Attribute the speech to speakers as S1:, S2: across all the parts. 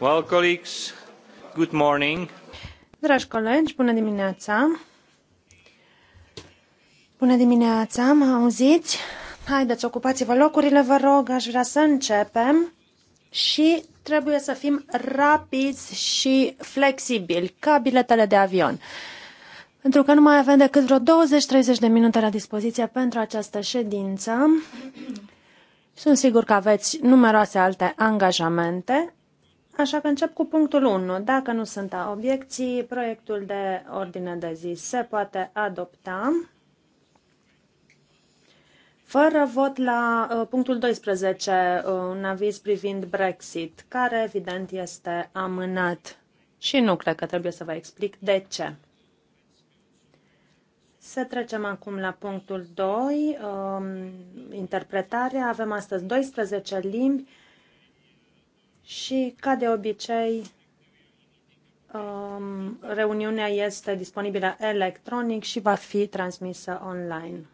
S1: Dragi
S2: colegi, bună dimineața. Bună dimineața, mă auziți? Haideți, ocupați-vă locurile, vă rog, aș vrea să începem și trebuie să fim rapizi și flexibili, ca biletele de avion. Pentru că nu mai avem decât vreo 20-30 de minute la dispoziție pentru această ședință. Sunt sigur că aveți numeroase alte angajamente, Așa că încep cu punctul 1. Dacă nu sunt obiecții, proiectul de ordine de zi se poate adopta fără vot la uh, punctul 12, uh, un aviz privind Brexit, care evident este amânat și nu cred că trebuie să vă explic de ce. Să trecem acum la punctul 2, um, interpretarea. Avem astăzi 12 limbi și, ca de obicei, um, reuniunea este disponibilă electronic și va fi transmisă online.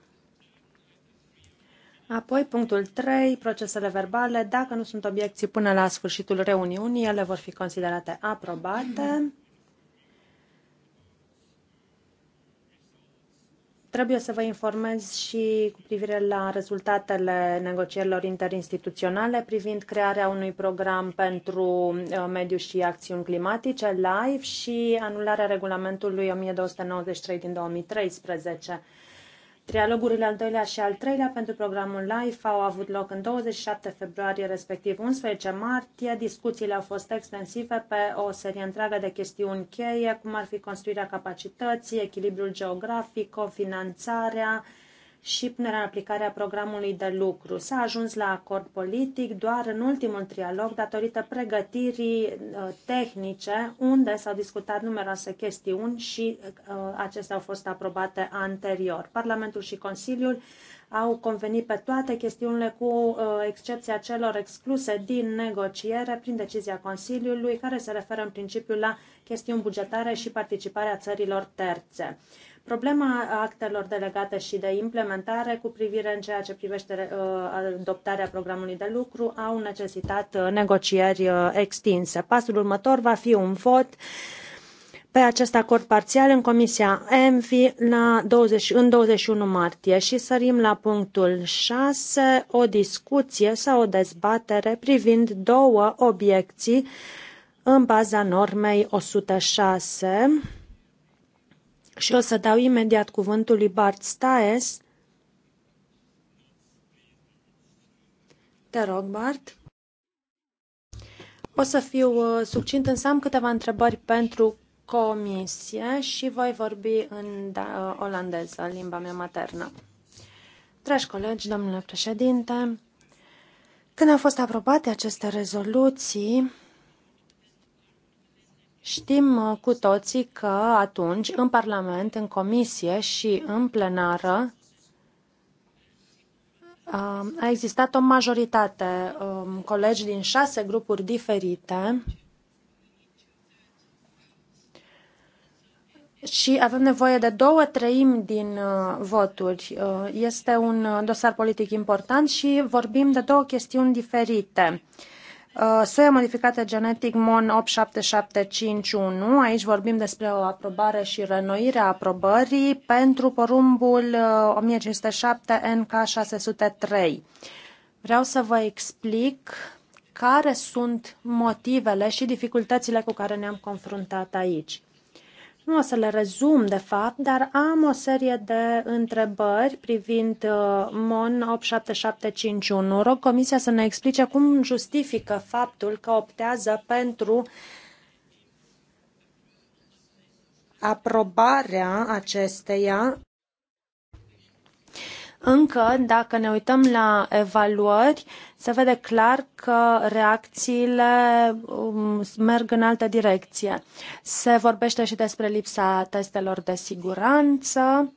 S2: Apoi, punctul 3, procesele verbale. Dacă nu sunt obiecții până la sfârșitul reuniunii, ele vor fi considerate aprobate. Trebuie să vă informez și cu privire la rezultatele negocierilor interinstituționale privind crearea unui program pentru uh, mediu și acțiuni climatice live și anularea regulamentului 1293 din 2013 Trialogurile al doilea și al treilea pentru programul LIFE au avut loc în 27 februarie, respectiv 11 martie. Discuțiile au fost extensive pe o serie întreagă de chestiuni cheie, cum ar fi construirea capacității, echilibrul geografic, cofinanțarea, finanțarea, și punerea în aplicare a programului de lucru. S-a ajuns la acord politic doar în ultimul trialog datorită pregătirii uh, tehnice unde s-au discutat numeroase chestiuni și uh, acestea au fost aprobate anterior. Parlamentul și Consiliul au convenit pe toate chestiunile cu uh, excepția celor excluse din negociere prin decizia Consiliului care se referă în principiu la chestiuni bugetare și participarea țărilor terțe. Problema actelor delegate și de implementare cu privire în ceea ce privește uh, adoptarea programului de lucru au necesitat uh, negocieri uh, extinse. Pasul următor va fi un vot pe acest acord parțial în Comisia ENVI la 20, în 21 martie și sărim la punctul 6, o discuție sau o dezbatere privind două obiecții în baza normei 106 și o să dau imediat cuvântul lui Bart Staes. Te rog, Bart. O să fiu uh, succint, însă am câteva întrebări pentru comisie și voi vorbi în da, uh, olandeză, limba mea maternă. Dragi colegi, domnule președinte, când au fost aprobate aceste rezoluții, Știm uh, cu toții că atunci, în Parlament, în Comisie și în plenară, uh, a existat o majoritate, um, colegi din șase grupuri diferite și avem nevoie de două treimi din uh, voturi. Este un dosar politic important și vorbim de două chestiuni diferite. Uh, soia modificată genetic MON 87751. Aici vorbim despre o aprobare și renoire a aprobării pentru porumbul 1507 uh, NK603. Vreau să vă explic care sunt motivele și dificultățile cu care ne-am confruntat aici. Nu o să le rezum, de fapt, dar am o serie de întrebări privind uh, MON 87751. Rog Comisia să ne explice cum justifică faptul că optează pentru aprobarea acesteia încă, dacă ne uităm la evaluări, se vede clar că reacțiile um, merg în altă direcție. Se vorbește și despre lipsa testelor de siguranță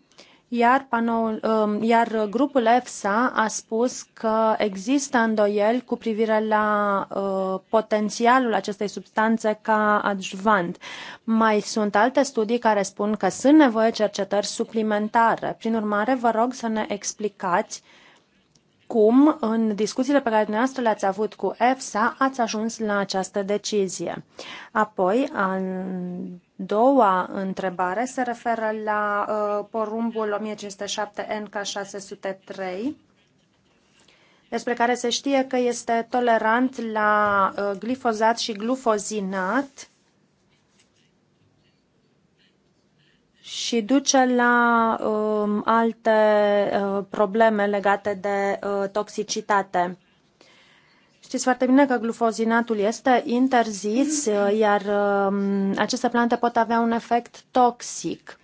S2: iar, panoul, um, iar grupul EFSA a spus că există îndoieli cu privire la uh, potențialul acestei substanțe ca adjuvant. Mai sunt alte studii care spun că sunt nevoie cercetări suplimentare. Prin urmare, vă rog să ne explicați cum, în discuțiile pe care dumneavoastră le-ați avut cu EFSA, ați ajuns la această decizie. Apoi, în doua întrebare se referă la uh, porumbul 1507 NK603, despre care se știe că este tolerant la uh, glifozat și glufozinat și duce la um, alte uh, probleme legate de uh, toxicitate. Știți foarte bine că glufozinatul este interzis, mm. uh, iar um, aceste plante pot avea un efect toxic.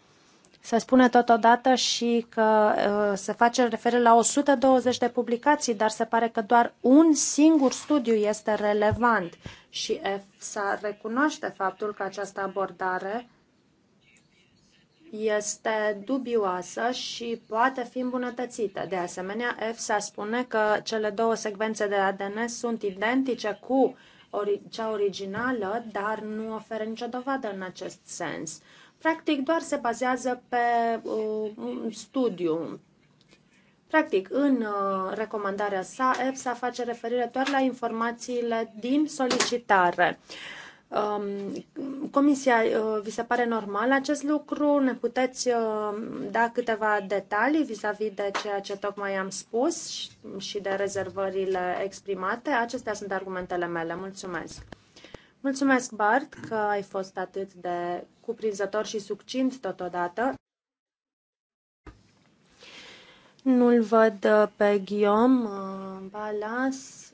S2: Se spune totodată și că uh, se face referire la 120 de publicații, dar se pare că doar un singur studiu este relevant și EFSA recunoaște faptul că această abordare este dubioasă și poate fi îmbunătățită. De asemenea, EFSA spune că cele două secvențe de ADN sunt identice cu cea originală, dar nu oferă nicio dovadă în acest sens. Practic, doar se bazează pe uh, un studiu. Practic, în uh, recomandarea sa, EFSA face referire doar la informațiile din solicitare. Uh, Um, comisia, uh, vi se pare normal acest lucru? Ne puteți uh, da câteva detalii vis-a-vis -vis de ceea ce tocmai am spus și de rezervările exprimate? Acestea sunt argumentele mele. Mulțumesc! Mulțumesc, Bart, că ai fost atât de cuprinzător și succint totodată. Nu-l văd uh, pe Guillaume Balas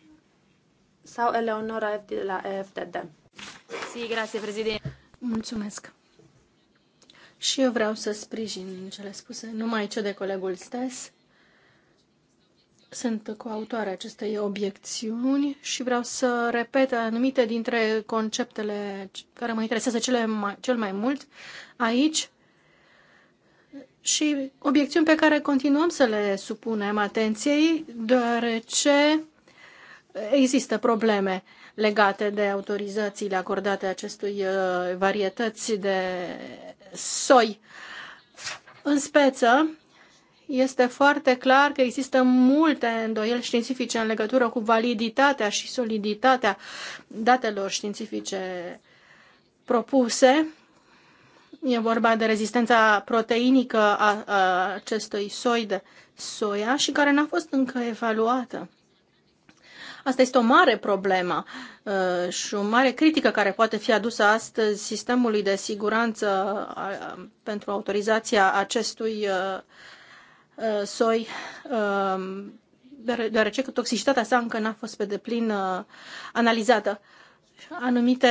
S2: sau Eleonora F. de la EFTD grazie
S3: Mulțumesc. Și eu vreau să sprijin cele spuse, numai ce de colegul Stes. Sunt coautoare acestei obiecțiuni și vreau să repet anumite dintre conceptele care mă interesează cele mai, cel mai mult aici și obiecțiuni pe care continuăm să le supunem atenției, deoarece există probleme legate de autorizațiile acordate acestui uh, varietăți de soi. În speță, este foarte clar că există multe îndoieli științifice în legătură cu validitatea și soliditatea datelor științifice propuse. E vorba de rezistența proteinică a, a acestui soi de soia și care n-a fost încă evaluată Asta este o mare problemă uh, și o mare critică care poate fi adusă astăzi sistemului de siguranță uh, pentru autorizația acestui uh, soi, deoarece toxicitatea sa încă n-a fost pe deplin analizată anumite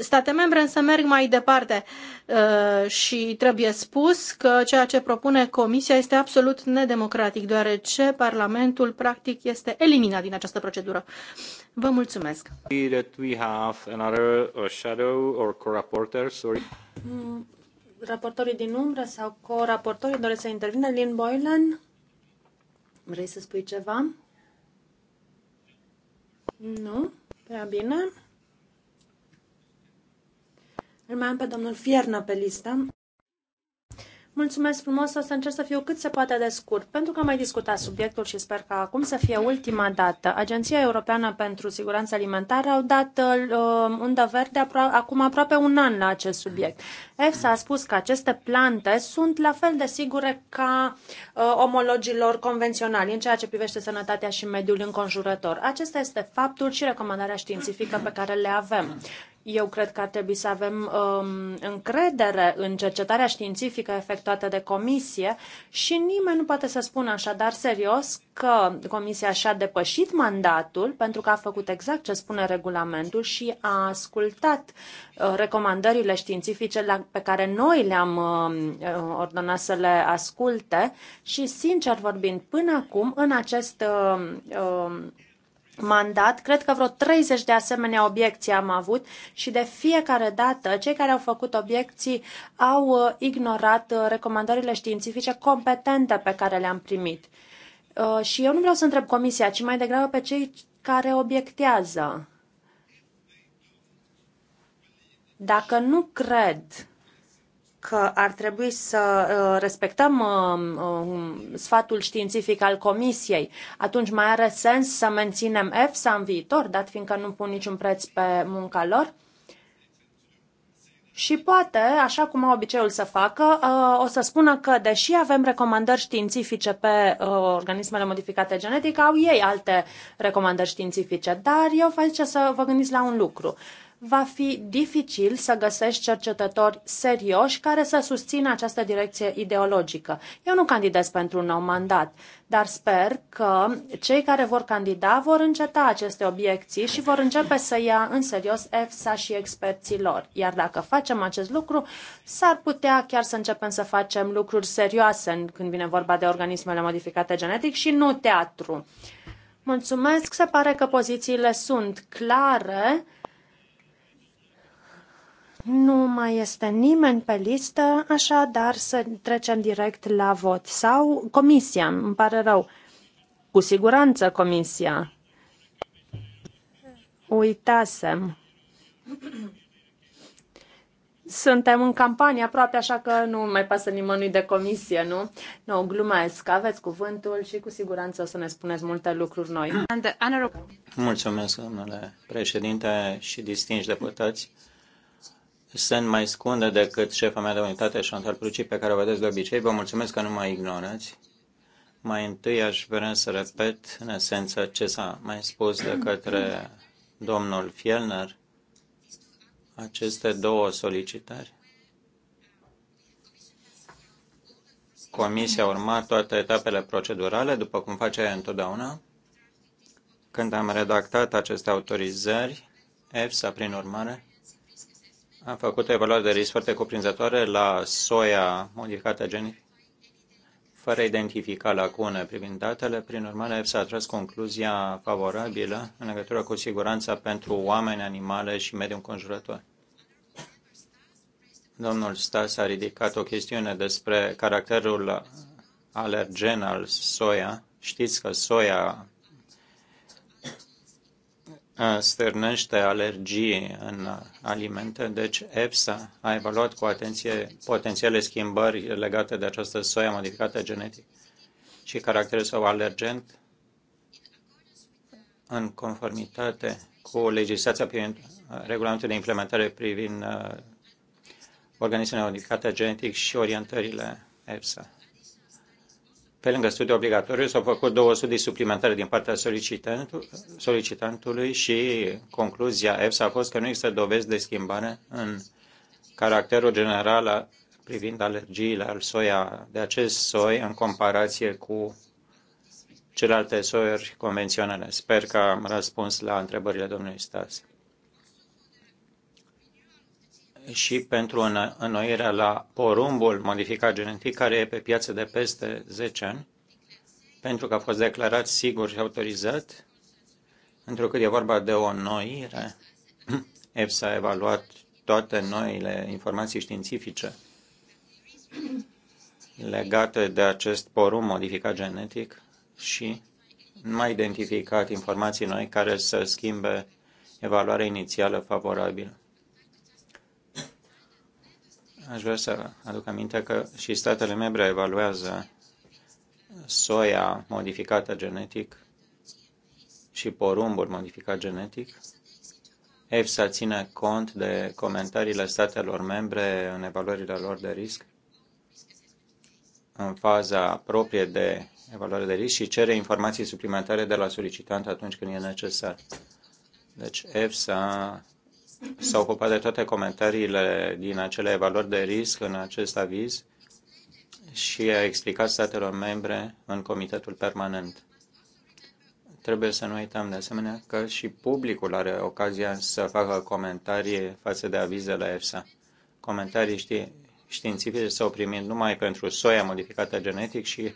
S3: state membre, însă merg mai departe uh, și trebuie spus că ceea ce propune Comisia este absolut nedemocratic, deoarece Parlamentul practic este eliminat din această procedură. Vă mulțumesc!
S1: Uh,
S2: mm, raportorii din umbră sau co-raportorii doresc să intervină. Lynn Boylan, vrei să spui ceva? Nu? Prea bine. Îl mai am pe domnul Fierna pe listă. Mulțumesc frumos, o să încerc să fiu cât se poate de scurt, pentru că am mai discutat subiectul și sper că acum să fie ultima dată. Agenția Europeană pentru Siguranță Alimentară au dat uh, undă verde apro- acum aproape un an la acest subiect. EFSA a spus că aceste plante sunt la fel de sigure ca uh, omologilor convenționali în ceea ce privește sănătatea și mediul înconjurător. Acesta este faptul și recomandarea științifică pe care le avem. Eu cred că ar trebui să avem um, încredere în cercetarea științifică efectuată de comisie și nimeni nu poate să spună așadar serios că comisia și-a depășit mandatul pentru că a făcut exact ce spune regulamentul și a ascultat uh, recomandările științifice la, pe care noi le-am um, uh, ordonat să le asculte și, sincer vorbind, până acum, în acest uh, uh, mandat, cred că vreo 30 de asemenea obiecții am avut și de fiecare dată cei care au făcut obiecții au uh, ignorat uh, recomandările științifice competente pe care le-am primit. Uh, și eu nu vreau să întreb comisia, ci mai degrabă pe cei care obiectează. Dacă nu cred că ar trebui să uh, respectăm uh, uh, sfatul științific al Comisiei, atunci mai are sens să menținem EFSA în viitor, dat fiindcă nu pun niciun preț pe munca lor? Și poate, așa cum au obiceiul să facă, o să spună că, deși avem recomandări științifice pe organismele modificate genetic, au ei alte recomandări științifice. Dar eu vă zice să vă gândiți la un lucru va fi dificil să găsești cercetători serioși care să susțină această direcție ideologică. Eu nu candidez pentru un nou mandat, dar sper că cei care vor candida vor înceta aceste obiecții și vor începe să ia în serios EFSA și experții lor. Iar dacă facem acest lucru, s-ar putea chiar să începem să facem lucruri serioase când vine vorba de organismele modificate genetic și nu teatru. Mulțumesc, se pare că pozițiile sunt clare. Nu mai este nimeni pe listă, așadar să trecem direct la vot. Sau comisia, îmi pare rău. Cu siguranță comisia. Uitasem. Suntem în campanie aproape, așa că nu mai pasă nimănui de comisie, nu? Nu, glumesc. Aveți cuvântul și cu siguranță o să ne spuneți multe lucruri noi.
S1: Mulțumesc, domnule președinte și distinși deputați sunt mai scundă decât șefa mea de unitate, un Plucii, pe care o vedeți de obicei. Vă mulțumesc că nu mă ignorați. Mai întâi aș vrea să repet, în esență, ce s-a mai spus de către domnul Fielner, aceste două solicitări. Comisia a urmat toate etapele procedurale, după cum face întotdeauna. Când am redactat aceste autorizări, EFSA, prin urmare, am făcut o evaluare de risc foarte cuprinzătoare la soia modificată genetic, fără a identifica lacune privind datele. Prin urmare, s a atras concluzia favorabilă în legătură cu siguranța pentru oameni, animale și mediul înconjurător. Domnul Stas a ridicat o chestiune despre caracterul alergen al soia. Știți că soia stârnește alergii în alimente, deci EFSA a evaluat cu atenție potențiale schimbări legate de această soia modificată genetic și caracterul său alergent în conformitate cu legislația privind regulamentul de implementare privind uh, organismele modificate genetic și orientările EFSA. Pe lângă studiul obligatoriu s-au făcut două studii suplimentare din partea solicitantului și concluzia EFSA a fost că nu există dovezi de schimbare în caracterul general privind alergiile al soia de acest soi în comparație cu celelalte soiuri convenționale. Sper că am răspuns la întrebările domnului Stasi și pentru înnoirea la porumbul modificat genetic, care e pe piață de peste 10 ani, pentru că a fost declarat sigur și autorizat, pentru că e vorba de o noire. EFSA a evaluat toate noile informații științifice legate de acest porumb modificat genetic și nu a identificat informații noi care să schimbe evaluarea inițială favorabilă aș vrea să aduc aminte că și statele membre evaluează soia modificată genetic și porumbul modificat genetic. EFSA ține cont de comentariile statelor membre în evaluările lor de risc în faza proprie de evaluare de risc și cere informații suplimentare de la solicitant atunci când e necesar. Deci EFSA s-a ocupat de toate comentariile din acele evaluări de risc în acest aviz și a explicat statelor membre în comitetul permanent. Trebuie să nu uităm de asemenea că și publicul are ocazia să facă comentarii față de avizele EFSA. Comentarii științifice s-au primit numai pentru soia modificată genetic și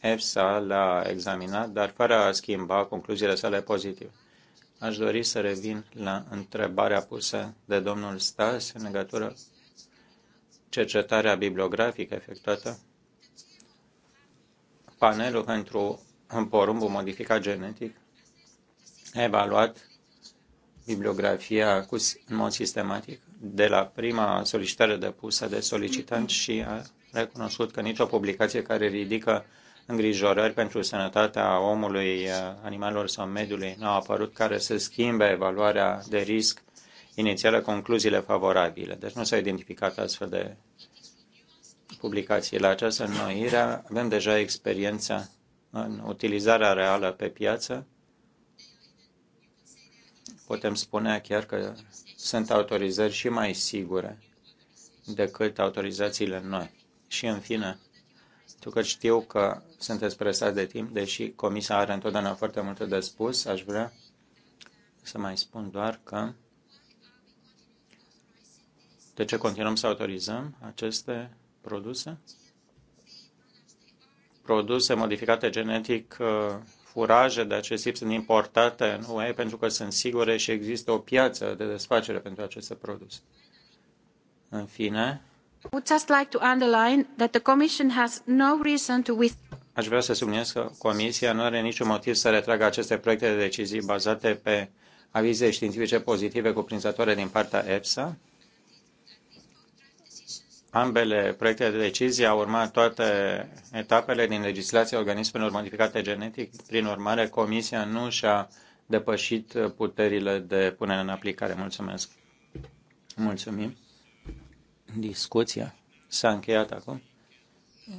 S1: EFSA l-a examinat, dar fără a schimba concluziile sale pozitive. Aș dori să revin la întrebarea pusă de domnul Stas în legătură cercetarea bibliografică efectuată. Panelul pentru porumbul modificat genetic a evaluat bibliografia cu, în mod sistematic de la prima solicitare depusă de solicitant și a recunoscut că nicio publicație care ridică uh, îngrijorări pentru sănătatea omului, animalelor sau mediului nu au apărut care să schimbe evaluarea de risc inițială concluziile favorabile. Deci nu s-a identificat astfel de publicații. La această înnoire avem deja experiența în utilizarea reală pe piață. Putem spune chiar că sunt autorizări și mai sigure decât autorizațiile noi. Și în fine, știu că știu că sunteți presați de timp, deși comisia are întotdeauna foarte multe de spus. Aș vrea să mai spun doar că de ce continuăm să autorizăm aceste produse? Produse modificate genetic, uh, furaje de acest tip sunt importate în UE pentru că sunt sigure și există o piață de desfacere pentru aceste produse. În fine,
S3: would just like to underline that the Commission has no reason to
S1: Aș vrea să subliniez că Comisia nu are niciun motiv să retragă aceste proiecte de decizii bazate pe avize științifice pozitive cuprinzătoare din partea EFSA. Ambele proiecte de decizie au urmat toate etapele din legislația organismelor modificate genetic. Prin urmare, Comisia nu și-a depășit puterile de punere în aplicare. Mulțumesc. Mulțumim. Discuția s-a încheiat acum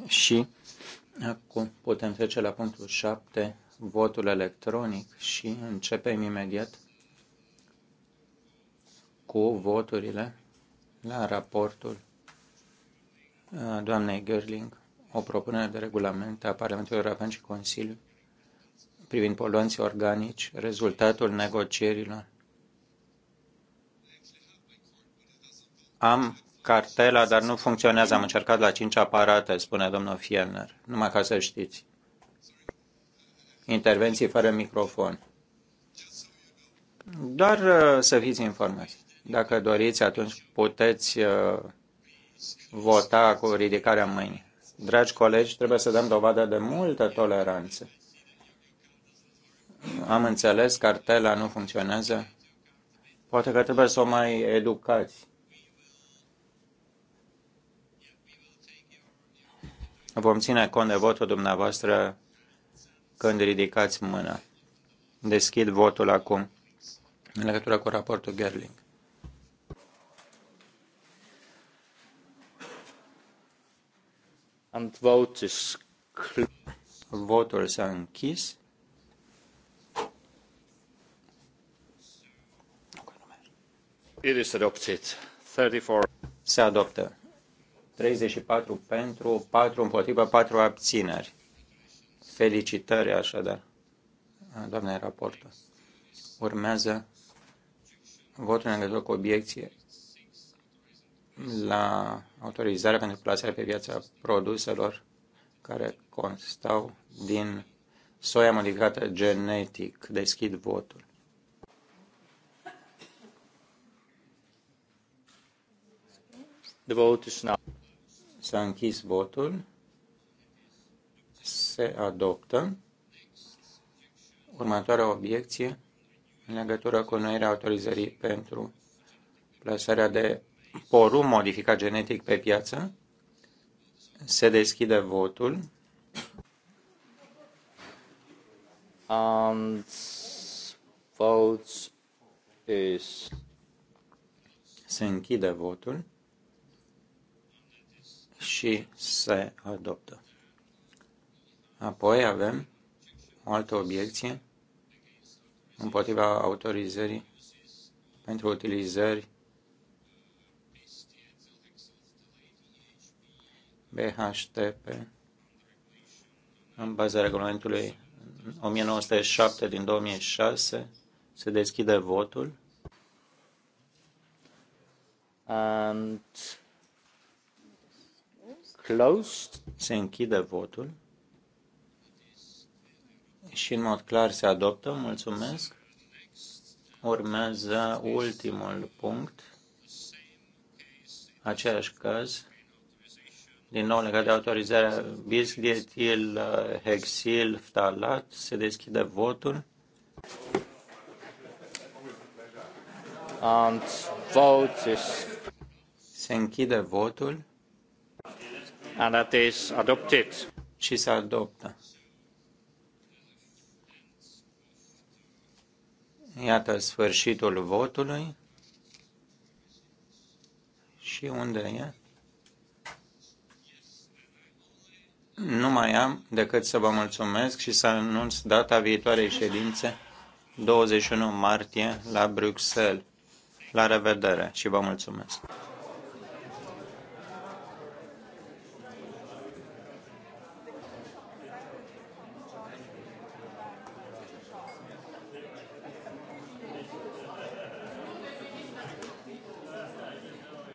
S1: și acum putem trece la punctul 7, votul electronic și începem imediat cu voturile la raportul uh, doamnei Gerling, o propunere de regulament a Parlamentului European și Consiliului privind poluanții organici, rezultatul negocierilor. Am cartela, dar nu funcționează. Am încercat la cinci aparate, spune domnul Fielner. Numai ca să știți. Intervenții fără microfon. Doar uh, să fiți informați. Dacă doriți, atunci puteți uh, vota cu ridicarea mâinii. Dragi colegi, trebuie să dăm dovadă de multă toleranță. Am înțeles, cartela nu funcționează. Poate că trebuie să o mai educați. Vom ține cont de votul dumneavoastră când ridicați mâna. Deschid votul acum în legătură cu raportul Gerling. And vote is Votul s-a închis. It is adopted. 34. Se adoptă. 34 pentru, 4 împotriva, 4 abțineri. Felicitări așadar, doamne raportor. Urmează votul în legătură cu obiecție la autorizarea pentru plasarea pe piața produselor care constau din soia modificată genetic. Deschid votul. The vote is now. S-a închis votul. Se adoptă. Următoarea obiecție în legătură cu noirea autorizării pentru plasarea de porum modificat genetic pe piață. Se deschide votul. And votes is... Se închide votul și se adoptă. Apoi avem o altă obiecție împotriva autorizării pentru utilizări BHTP în baza regulamentului 1907 din 2006 se deschide votul. And closed. Se închide votul. Și în mod clar se adoptă. Mulțumesc. Urmează ultimul punct. Același caz. Din nou legat de autorizarea bisdietil, hexil, ftalat. Se deschide votul. And vote is... Se închide votul and that is adopted. Iată sfârșitul votului. Și unde e? Nu mai am decât să vă mulțumesc și să anunț data viitoarei ședințe, 21 martie, la Bruxelles. La revedere și vă mulțumesc!